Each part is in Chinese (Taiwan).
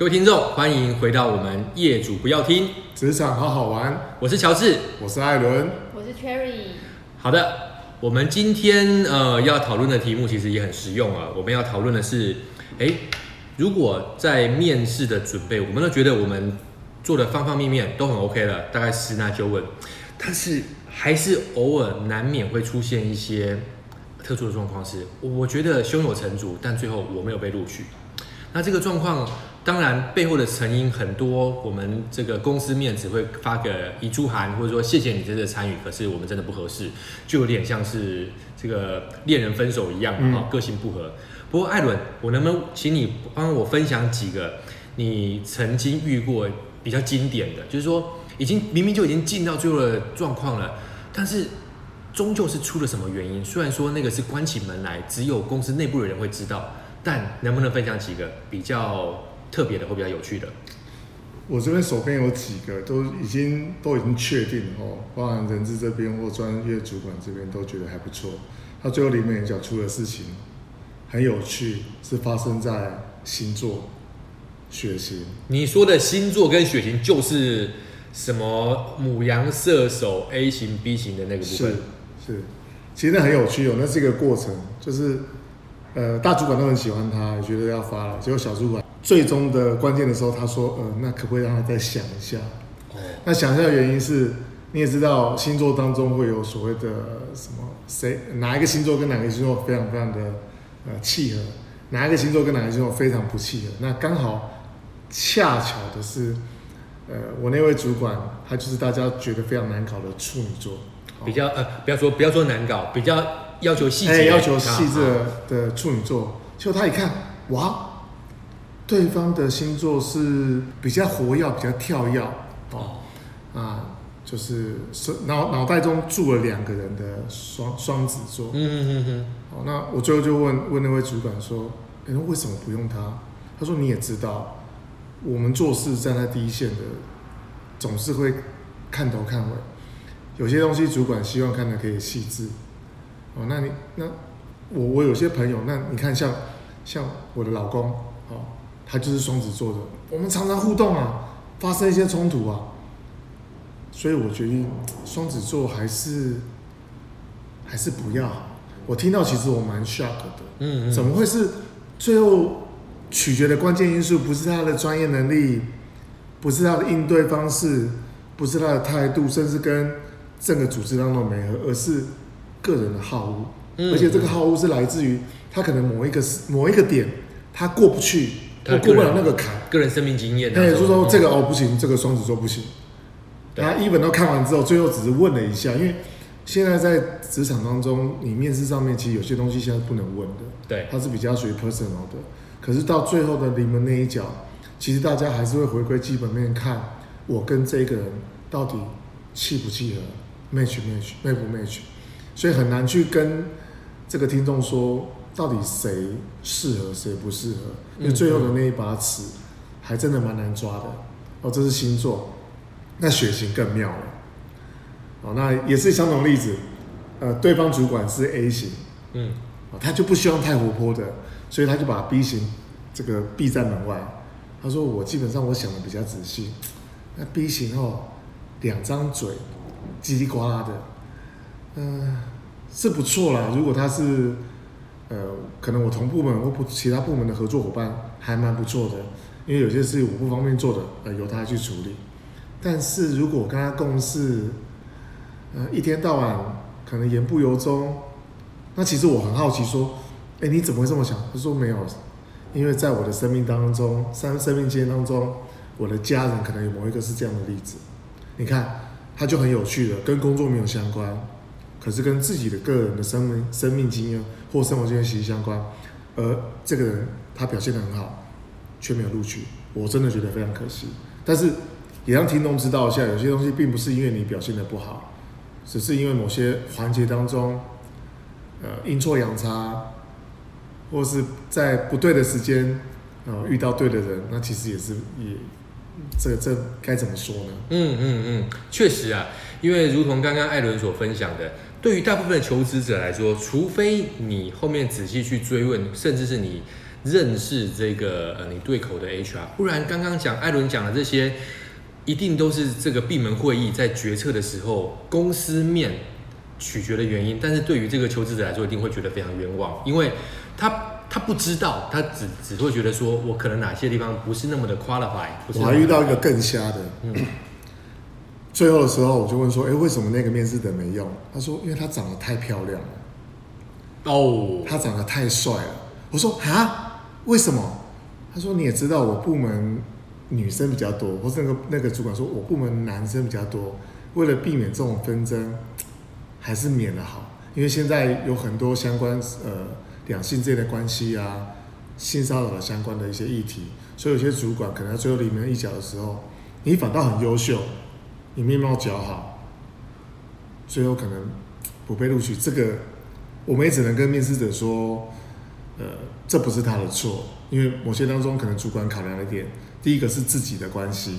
各位聽眾，歡迎回到我們《業主不要聽職場好好玩》。我是喬治，我是艾倫，我是 Cherry。好的，我們今天呃要討論的題目其實也很實用啊。我們要討論的是，誒，如果在面試的準備，我們都覺得我們做的方方面面都很 OK 了，大概十拿九穩，但是還是偶爾難免會出現一些特殊的狀況。是，我覺得胸有成竹，但最後我沒有被錄取。那這個狀況，當然背後的成因很多。我們這個公司面只會發個遺珠函，或者說謝謝你這次參與，可是我們真的不合適，就有點像是這個戀人分手一樣啊，嗯、個性不合。不過艾倫，我能不能請你幫我分享幾個你曾經遇過比較經典的就是說，已經明明就已經進到最後的狀況了，但是終究是出了什麼原因？雖然說那個是關起門來，只有公司內部的人會知道。但能不能分享幾個比較特別的或比較有趣的？我這邊手邊有幾個，都已經都已經確定哦，包含人事這邊或專業主管這邊都覺得還不錯。他最後裡面講出的事情很有趣，是發生在星座、血型。你說的星座跟血型就是什麼牡羊射手 A 型 B 型的那個部分。是是，其實那很有趣哦，那是一個過程，就是。呃，大主管都很喜歡他，也覺得要發了。結果小主管最終的關鍵的時候，他說：“呃，那可不可以讓他再想一下？”哦，那想一下的原因是，你也知道，星座當中會有所謂的什麼？誰哪一個星座跟哪一個星座非常非常的，呃，契合？哪一個星座跟哪一個星座非常不契合？那剛好恰巧的是，呃，我那位主管他就是大家覺得非常難搞的處女座，比較呃不要說不要說難搞，比較。要求細緻的、欸、的處女座，結果、啊啊、他一看，哇，對方的星座是比較活躍、比較跳躍哦，啊，就是腦腦袋中住了兩個人的雙雙子座。嗯嗯嗯、哦、那我最後就問問那位主管說：“欸、為什麼不用他？”他說：“你也知道，我們做事站在第一線的，總是會看頭看尾，有些東西主管希望看的可以細緻。”那你那我我有些朋友，那你看像像我的老公，哦，他就是雙子座的，我們常常互動啊，發生一些衝突啊，所以我覺得雙子座還是還是不要。我聽到其實我蠻 shock 的，嗯，嗯嗯，怎麼會是最後取決的關鍵因素不是他的專業能力，不是他的應對方式，不是他的態度，甚至跟整個組織當中沒合，而是個人的好惡，而且這個好惡是來自於他可能某一個某一個點，他過不去，他過不了那個坎。個人生命經驗，那也就是說，這個哦不行，這個雙子座不行。那一本都看完之後，最後只是問了一下，因為現在在職場當中，你面試上面其實有些東西現在不能問的，對，它是比較屬於 personal 的。可是到最後的臨門那一腳，其實大家還是會回歸基本面，看我跟這個人到底契不契合，match match，match 不 match。所以很難去跟這個聽眾說，到底誰適合，誰不適合，因為最後的那一把尺還真的蠻難抓的。哦，這是星座，那血型更妙了。哦，那也是相同例子，呃，對方主管是 A 型，嗯、哦，他就不希望太活潑的，所以他就把 B 型這個閉在門外。他說：“我基本上我想的比較仔細。”那 B 型哦，兩張嘴嘰里呱啦的，嗯、呃。是不錯啦，如果他是，呃，可能我同部門或不其他部門的合作夥伴還蠻不錯的，因為有些事我不方便做的，呃，由他去處理。但是如果我跟他共事，呃，一天到晚可能言不由衷，那其實我很好奇，說，哎，你怎麼會這麼想？他說沒有，因為在我的生命當中，生生命經驗當中，我的家人可能有某一個是這樣的例子。你看，他就很有趣的，跟工作沒有相關。可是跟自己的個人的生命、生命經驗或生活經驗息息相關，而這個人他表現得很好，卻沒有錄取，我真的覺得非常可惜。但是也讓聽眾知道一下，有些東西並不是因為你表現得不好，只是因為某些環節當中，呃，陰錯陽差，或是在不對的時間，呃，遇到對的人，那其實也是也，這這該怎麼說呢？嗯嗯嗯，確實啊，因為如同剛剛艾倫所分享的。對於大部分的求職者來說，除非你後面仔細去追問，甚至是你認識這個呃你對口的 HR，不然剛剛講艾倫講的這些，一定都是這個閉門會議在決策的時候公司面取決的原因。但是對於這個求職者來說，一定會覺得非常冤枉，因為他他不知道，他只只會覺得說我可能哪些地方不是那麼的 qualified。我還遇到一個更瞎的。嗯。」最後的時候，我就問說：“誒、欸，為什麼那個面試的沒用？”他說：“因為他長得太漂亮了，哦，他長得太帥了。”我說：“哈，為什麼？”他說：“你也知道，我部門女生比較多，或是那個那個主管說，我部門男生比較多，為了避免這種紛爭，還是免了好。因為現在有很多相關呃兩性之間的關係啊，性騷擾的相關的一些議題，所以有些主管可能在最後臨門一腳的時候，你反倒很優秀。”你面貌較好，最後可能不被錄取，這個我們也只能跟面試者說，呃，這不是他的錯，因為某些當中可能主管考量的點，第一個是自己的關係，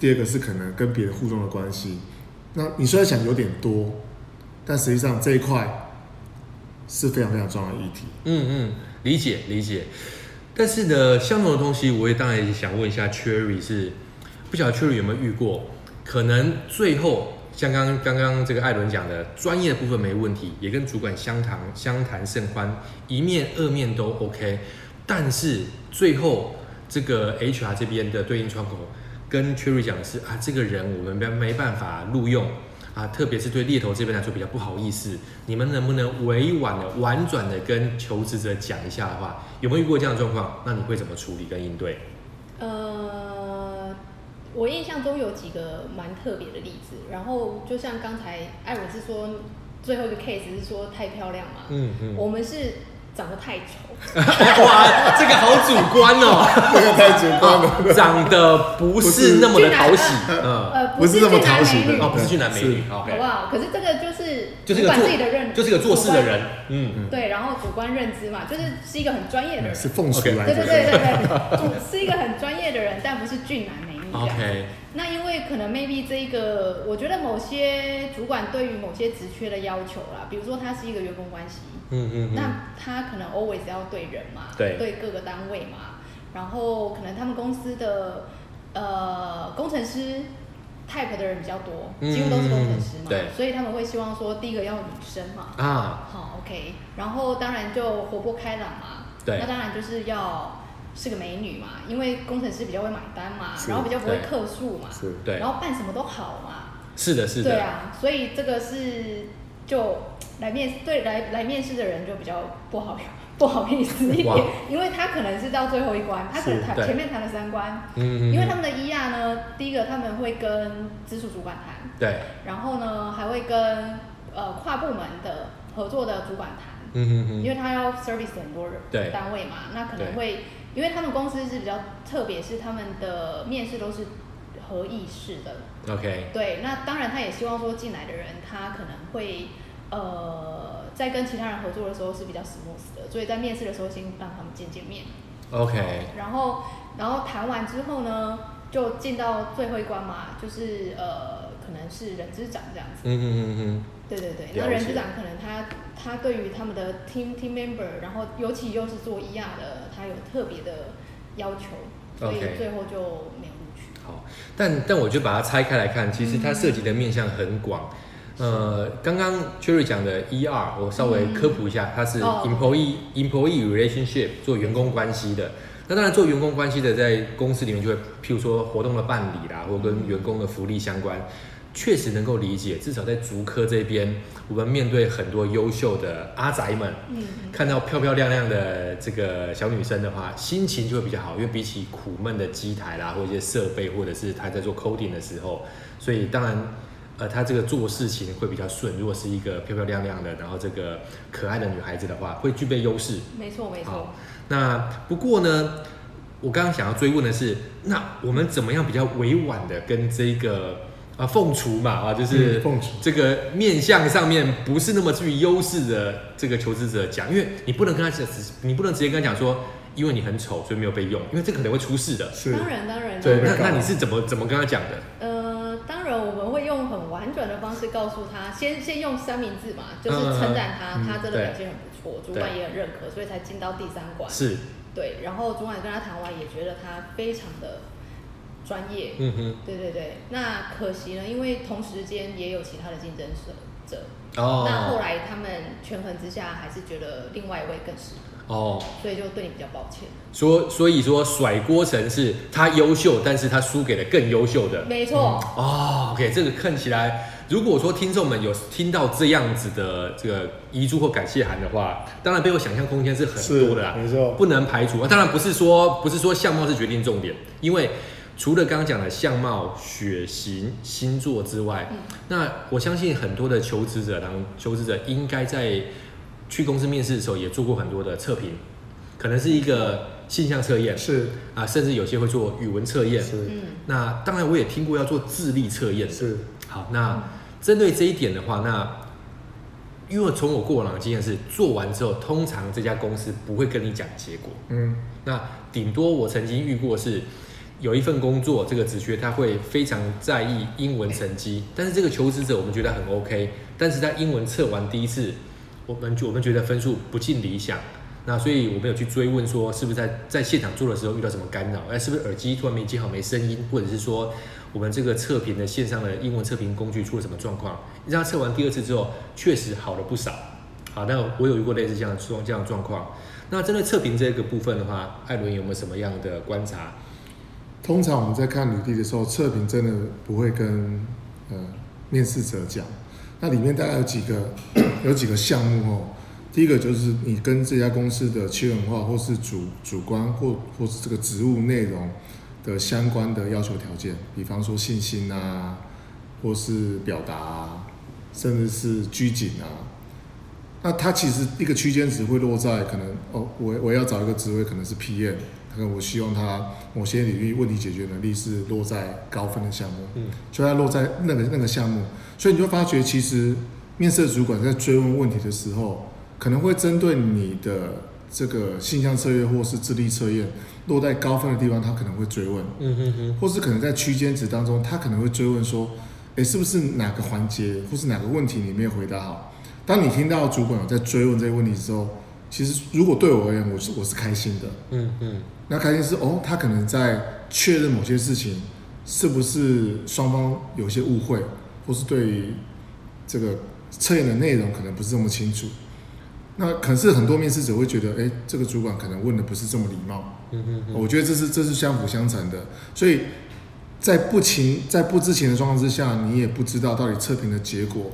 第二個是可能跟別人互動的關係。那你雖然想有點多，但實際上這一塊是非常非常重要的議題。嗯嗯，理解理解，但是呢，相同的東西，我也當然也想問一下 Cherry，是不曉得 Cherry 有沒有遇過？嗯可能最後像剛剛剛這個艾倫講的，專業的部分沒問題，也跟主管相談相談甚歡，一面二面都 OK，但是最後這個 HR 這邊的對應窗口跟 Cherry 講的是啊，這個人我們沒沒辦法錄用啊，特別是對獵頭這邊來說比較不好意思，你們能不能委婉的、婉轉的跟求職者講一下的話，有沒有遇過這樣的狀況？那你會怎麼處理跟應對？呃。我印象中有幾個蠻特別的例子，然後就像剛才哎，我是說最後一個 case 是說太漂亮嘛，嗯嗯，我們是長得太醜。哇，這個好主觀哦，這個太主觀了，長得不是那麼的討喜，嗯呃不是俊男美女哦，不是俊男美女，好不好？可是這個就是就是自己的認，就是一個做事的人，嗯嗯，對，然後主觀認知嘛，就是是一個很專業的人，是奉雛啊，對對對對對，是一個很專業的人，但不是俊男。OK，那因為可能 maybe 這一個，我覺得某些主管對於某些職缺的要求啦，比如說他是一個員工關係，嗯嗯，那他可能 always 要對人嘛，對，各個單位嘛，然後可能他們公司的呃工程師 type 的人比較多，幾乎都是工程師嘛，對，所以他們會希望說第一個要女生嘛，啊，好，OK，然後當然就活潑開朗嘛，對，那當然就是要。是個美女嘛，因為工程師比較會買單嘛，是然後比較不會客訴嘛，對，對，然後辦什麼都好嘛，是的，是的，對啊，所以這個是就來面對來來面試的人就比較不好不好意思一點，哇因為他可能是到最後一關，他可能前面談了三關，因為他們的一亞呢，第一個他們會跟直屬主管談，對，然後呢還會跟呃跨部門的合作的主管談，嗯、哼哼因為他要 service 很多人的單位嘛，對那可能會。因為他們公司是比較特別，是他們的面試都是合議式的。OK。對，那當然他也希望說進來的人他可能會呃在跟其他人合作的時候是比較 smooth 的，所以在面試的時候先讓他們見見面。OK、嗯。然後然後談完之後呢，就進到最後一關嘛，就是呃可能是人資長這樣子。嗯嗯嗯。對對對，了解。那人事長可能他他對於他們的 team team member，然後尤其又是做 ER 的，他有特別的要求，Okay. 所以最後就沒有錄取。好，但但我就把它拆開來看，其實它涉及的面向很廣。嗯、呃，是。剛剛 Cherry 講的 E R，我稍微科普一下，嗯、它是 employee、Oh. employee relationship 做員工關係的。那當然做員工關係的，在公司裡面就會譬如說活動的辦理啦，或者跟員工的福利相關。確實能夠理解，至少在竹科這邊，我們面對很多優秀的阿宅們，嗯嗯、看到漂漂亮亮的這個小女生的話，心情就會比較好，因為比起苦悶的機台啦，或者一些設備，或者是她在做 coding 的時候，所以當然，呃，他這個做事情會比較順。如果是一個漂漂亮亮的，然後這個可愛的女孩子的話，會具備優勢。沒錯，沒錯。那不過呢，我剛剛想要追問的是，那我們怎麼樣比較委婉的跟這個？啊，鳳雛嘛，啊，就是鳳雛，這個面相上面不是那麼具優勢的這個求職者講，因為你不能跟他講，你不能直接跟他講說，因為你很醜所以沒有被用，因為這可能會出事的。是，當然當然。對。那對吧那你是怎麼怎麼跟他講的？呃，當然我們會用很婉轉的方式告訴他，先先用三明治嘛，就是稱讚他，嗯、他真的表現很不錯，嗯、主管也很認可，所以才進到第三關。是。對，然後主管跟他談完也覺得他非常的。專業，嗯哼，對對對，那可惜呢，因為同時間也有其他的競爭者，哦，那後來他們權衡之下，還是覺得另外一位更適合，哦，所以就對你比較抱歉。所所以說，甩鍋成是他優秀，但是他輸給了更優秀的，沒錯，嗯、哦、okay，這個看起來，如果說聽眾們有聽到這樣子的這個遺囑或感謝函的話，當然背後想象空間是很多的啦、啊，沒錯，不能排除。當然不是說不是說相貌是決定重點，因為。除了剛剛講的相貌、血型、星座之外，嗯、那我相信很多的求職者，當求職者應該在去公司面試的時候也做過很多的測評，可能是一個性向測驗，是啊，甚至有些會做語文測驗，是，那當然我也聽過要做智力測驗，是好，那針對這一點的話，那因為從我過往的經驗是，做完之後通常這家公司不會跟你講結果，嗯，那頂多我曾經遇過是。有一份工作，這個職缺他會非常在意英文成績，但是這個求職者我們覺得很 OK，但是在英文測完第一次，我們就我們覺得分數不盡理想，那所以我們有去追問說是不是在在現場做的時候遇到什麼干擾，哎，是不是耳機突然沒接好沒聲音，或者是說我們這個測評的線上的英文測評工具出了什麼狀況？讓他測完第二次之後，確實好了不少。好，那我有遇過類似像這樣說這樣狀況。那針對測評這個部分的話，艾倫有沒有什麼樣的觀察？通常我們在看履歷的時候，測評真的不會跟呃面試者講。那裡面大概有幾個，有幾個項目哦。第一個就是你跟這家公司的企業文化，或是主主觀或或是這個職務內容的相關的要求條件，比方說信心啊，或是表達啊，甚至是拘謹啊。那它其實一個區間只會落在可能哦，我我要找一個職位可能是 PM。我希望他某些領域問題解決能力是落在高分的項目，嗯，就要落在那個那個項目，所以你就發覺其實面試主管在追問問題的時候，可能會針對你的這個性向測驗或是智力測驗落在高分的地方，他可能會追問，嗯嗯嗯，或是可能在區間值當中，他可能會追問說，誒、欸，是不是哪個環節或是哪個問題你沒有回答好？當你聽到主管有在追問這些問題之後，其實如果對我而言，我是我是開心的，嗯嗯。那開心是哦，他可能在確認某些事情是不是雙方有些誤會，或是對於這個測驗的內容可能不是這麼清楚。那可是很多面試者會覺得，哎，這個主管可能問的不是這麼禮貌。嗯嗯，我覺得這是這是相輔相成的。所以在不情在不知情的狀況之下，你也不知道到底測評的結果。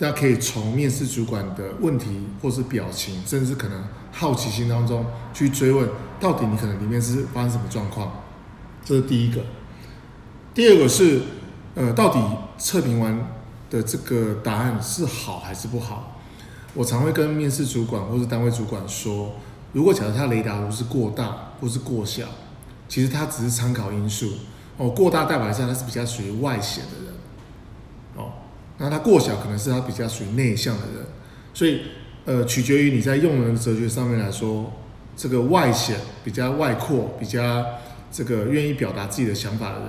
那可以從面試主管的問題，或是表情，甚至可能好奇心當中去追問。到底你可能裡面是發生什麼狀況？這是第一個。第二個是，呃，到底測評完的這個答案是好還是不好？我常會跟面試主管或者單位主管說，如果假設他雷達如是過大或是過小，其實他只是參考因素。哦，過大代表一下他是比較屬於外顯的人，哦，那他過小可能是他比較屬於內向的人。所以，呃，取決於你在用人的哲學上面來說。這個外顯比較外擴，比較這個願意表達自己的想法的人，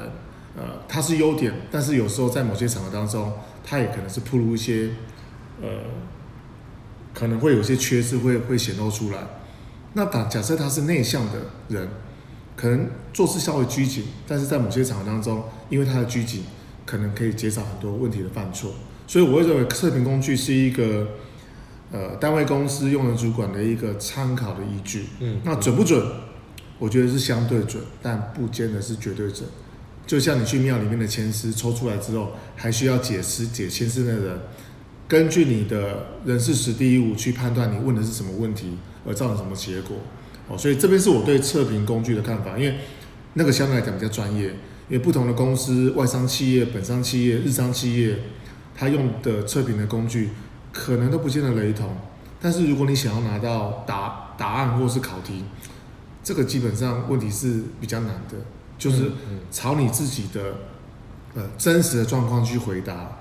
呃，他是優點，但是有時候在某些場合當中，他也可能是暴露一些，呃，可能會有些缺失會會顯露出來。那打假設他是內向的人，可能做事稍微拘謹，但是在某些場合當中，因為他的拘謹，可能可以減少很多問題的犯錯。所以我會認為測評工具是一個。呃，單位公司用人主管的一個參考的依據，嗯，那準不準？我覺得是相對準，但不見得是絕對準。就像你去廟裡面的籤詩抽出來之後，還需要解詩解籤詩的、那、人、個，根據你的人、事、時、地、物去判斷你問的是什麼問題，而造成什麼結果。哦，所以這邊是我對測評工具的看法，因為那個相對來講比較專業，因為不同的公司、外商企業、本商企業、日商企業，他用的測評的工具。可能都不見得雷同，但是如果你想要拿到答答案，或是考題，這個基本上問題是比較難的，就是朝你自己的、嗯嗯、呃真實的狀況去回答，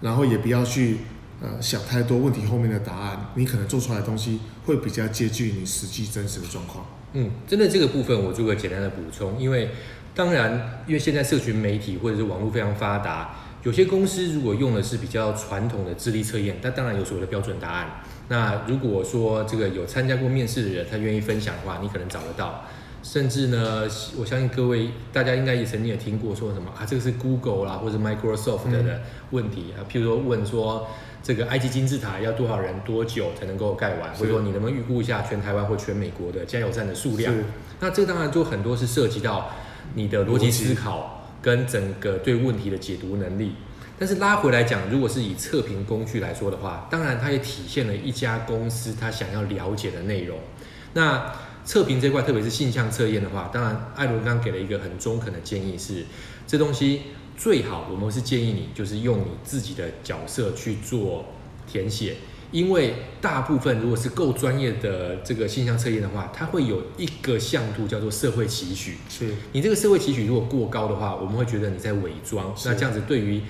然後也不要去呃想太多問題後面的答案，你可能做出來的東西會比較接近你實際真實的狀況。嗯，針對這個部分我做個簡單的補充，因為當然因為現在社群媒體或者是網絡非常發達，有些公司如果用的是比較傳統的智力測驗，它當然有所謂的標準答案。那如果說這個有參加過面試的人，他願意分享的話，你可能找得到。甚至呢，我相信各位大家應該也曾經也聽過說什麼啊，這個是 Google 啦，或者 Microsoft 的、的問題啊。嗯、譬如說問說，這個埃及金字塔要多少人多久才能夠蓋完，是或者說你能不能預估一下全台灣或全美國的加油站的數量？是那這當然就很多是涉及到你的邏輯思考，跟整個對問題的解讀能力，但是拉回來講，如果是以測評工具來說的話，當然它也體現了一家公司他想要了解的內容。那測評這塊，特別是性向測驗的話，當然艾倫剛剛給了一個很中肯的建議是，這東西最好我們是建議你就是用你自己的角色去做填寫。因為大部分如果是夠專業的這個現象測驗的話，它會有一個向度叫做社會期許。是你這個社會期許如果過高的話，我們會覺得你在偽裝。是那這樣子對於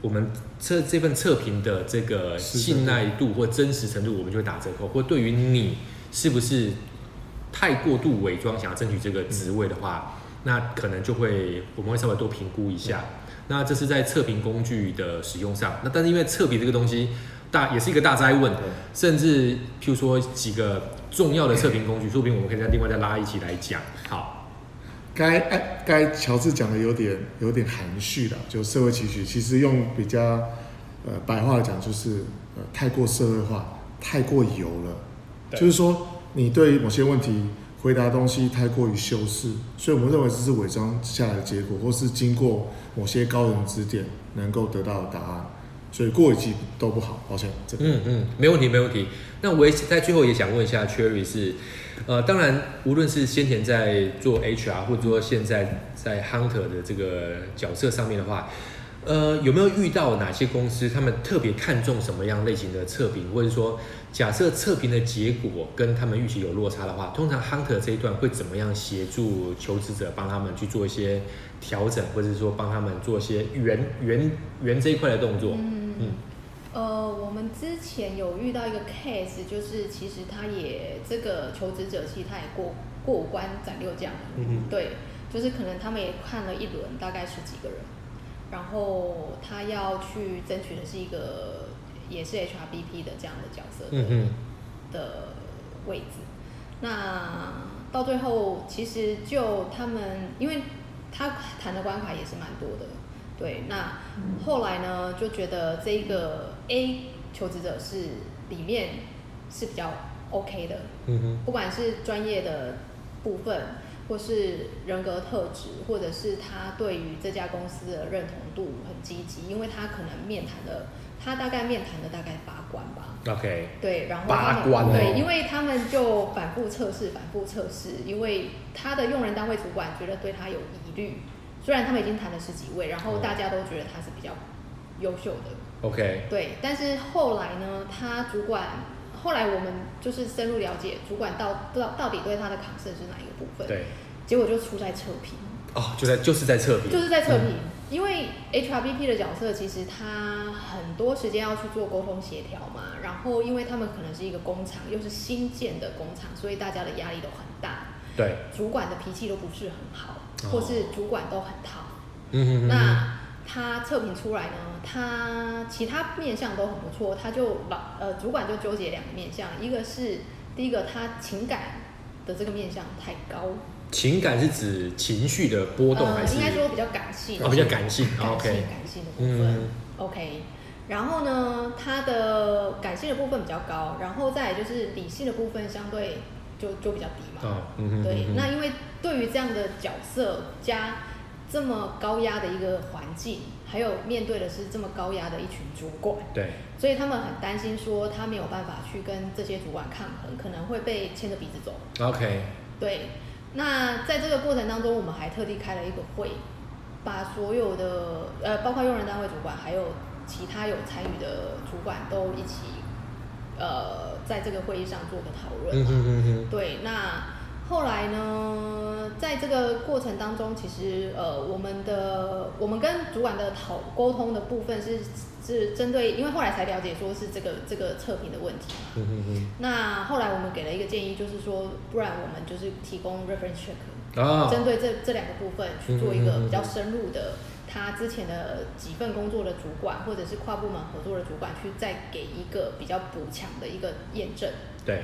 我們測這份測評的這個信賴度或真實程度，我們就會打折扣。對或對於你是不是太過度偽裝，想要爭取這個職位的話，嗯、那可能就會我們會稍微多評估一下。嗯、那這是在測評工具的使用上。那但是因為測評這個東西。嗯那也是一個大哉問，甚至譬如說幾個重要的測評工具，說不定我們可以再另外再拉一起來講。好，該該喬治講的有點有點含蓄了，就社會期許，其實用比較呃白話來講，就是呃太過社會化，太過油了。對就是說你對某些問題回答東西太過於修飾，所以我們認為這是偽裝下來的結果，或是經過某些高人指點能夠得到的答案。所以過一季都不好，抱歉。嗯嗯，沒問題，沒問題。那我也在最後也想問一下，Cherry 是，呃，當然，無論是先前在做 HR，或者說現在在 Hunter 的這個角色上面的話，呃，有沒有遇到哪些公司，他們特別看重什麼樣類型的測評，或者說，假設測評的結果跟他們預期有落差的話，通常 Hunter 這一段會怎麼樣協助求職者幫他們去做一些調整，或者說幫他們做一些圓圓圓這一塊的動作？嗯，呃，我們之前有遇到一個 case，就是其實他也這個求職者其實他也過過關斬六將，嗯哼對，就是可能他們也看了一輪，大概十幾個人，然後他要去爭取的是一個也是 HRBP 的這樣的角色的，嗯哼的位置，那到最後其實就他們，因為他談的關卡也是蠻多的。對，那後來呢，就覺得這個 A 求職者是裡面是比較 OK 的，嗯哼，不管是專業的部分，或是人格特質，或者是他對於這家公司的認同度很積極，因為他可能面談的，他大概面談的大概八關吧，OK，對，然後八關哦，對，因為他們就反復測試，反復測試，因為他的用人單位主管覺得對他有疑慮。雖然他們已經談了十幾位，然後大家都覺得他是比較優秀的、嗯、，OK，對，但是後來呢，他主管，後來我們就是深入了解，主管到到到底對他的 concern 是哪一個部分，對，結果就出在測評，哦，就在就是在測評，就是在測評，嗯、因為 HRBP 的角色其實他很多時間要去做溝通協調嘛，然後因為他們可能是一個工廠，又是新建的工廠，所以大家的壓力都很大，對，主管的脾氣都不是很好。或是主管都很燙，哦、嗯嗯那他測評出來呢？他其他面向都很不錯，他就老呃，主管就糾結兩個面向，一個是第一個他情感的這個面向太高，情感是指情緒的波動還是、呃、應該說比較感性、哦？比較感性，感性、哦 okay、感性、感性的部分、嗯、，OK。然後呢，他的感性的部分比較高，然後再就是理性的部分相對就就比較低嘛，哦、嗯哼嗯哼對，那因為。對於這樣的角色加這麼高壓的一個環境，還有面對的是這麼高壓的一群主管，對，所以他們很擔心，說他沒有辦法去跟這些主管抗衡，可能會被牽着鼻子走。OK，對。那在這個過程當中，我們還特地開了一個會，把所有的呃，包括用人單位主管，還有其他有參與的主管都一起，呃，在這個會議上做個討論。嗯哼嗯嗯嗯，對，那。後來呢，在這個過程當中，其實呃，我們的我們跟主管的討溝通的部分是是針對，因為後來才了解說是這個這個測評的問題嘛。嗯、哼哼那後來我們給了一個建議，就是說，不然我們就是提供 reference check，、哦、針對這這兩個部分去做一個比較深入的，嗯、哼哼哼他之前的幾份工作的主管或者是跨部門合作的主管去再給一個比較補強的一個驗證。對。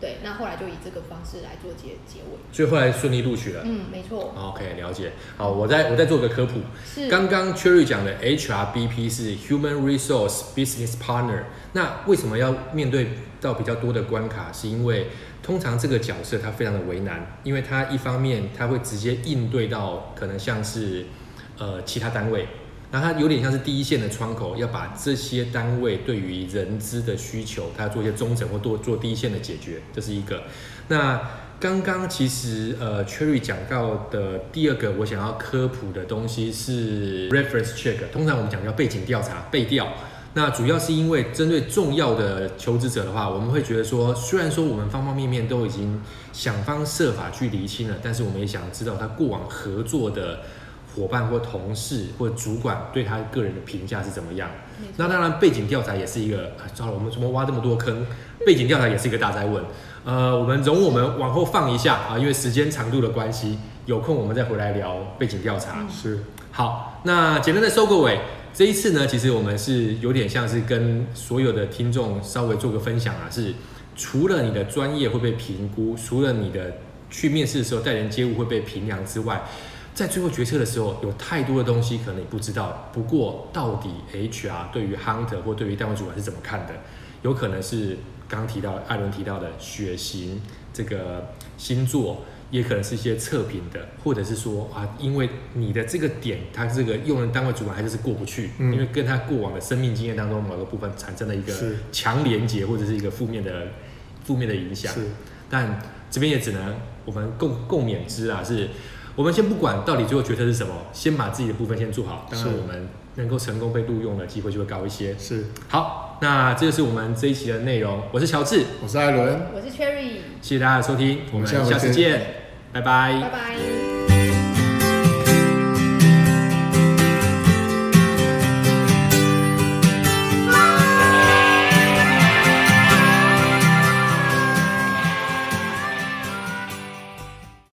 對，那後來就以這個方式來做結結尾，所以後來順利錄取了。嗯，沒錯。OK，了解。好，我再我再做個科普。是，剛剛 Cherry 講的 HRBP 是 Human Resource Business Partner。那為什麼要面對到比較多的關卡？是因為通常這個角色他非常的為難，因為他一方面他會直接應對到可能像是呃其他單位。那它有點像是第一線的窗口，要把這些單位對於人資的需求，它要做一些忠誠或做做第一線的解決，這是一個。那剛剛其實呃，Cherry 講到的第二個我想要科普的東西是 reference check，通常我們講叫背景調查，背調。那主要是因為針對重要的求職者的話，我們會覺得說，雖然說我們方方面面都已經想方設法去釐清了，但是我們也想知道他過往合作的。夥伴或同事或主管對他個人的評價是怎麼樣？那當然，背景調查也是一個。好、哎、糟了，我們怎麼挖這麼多坑？背景調查也是一個大災問。呃，我們容我們往後放一下啊，因為時間長度的關係，有空我們再回來聊背景調查。是、嗯、好，那簡單的收個尾。這一次呢，其實我們是有點像是跟所有的聽眾稍微做個分享啊，是除了你的專業會被評估，除了你的去面試的時候待人接物會被評量之外。在最後決策的時候，有太多的東西可能你不知道。不過，到底 HR 對於 Hunter 或對於單位主管是怎麼看的？有可能是剛提到艾倫提到的血型，這個星座，也可能是一些測評的，或者是說啊，因為你的這個點，他這個用人單位主管還是是過不去，嗯、因為跟他過往的生命經驗當中某個部分產生了一個強連結或者是一個負面的負面的影響。是但這邊也只能、嗯、我們共共勉之啊。是。我們先不管到底最後決策是什麼，先把自己的部分先做好，當然我們能夠成功被錄用的機會就會高一些。是，好，那這就是我們這一期的內容。我是喬治，我是艾倫，我是 Cherry，謝謝大家的收聽，我們下次見，次見拜拜，拜拜。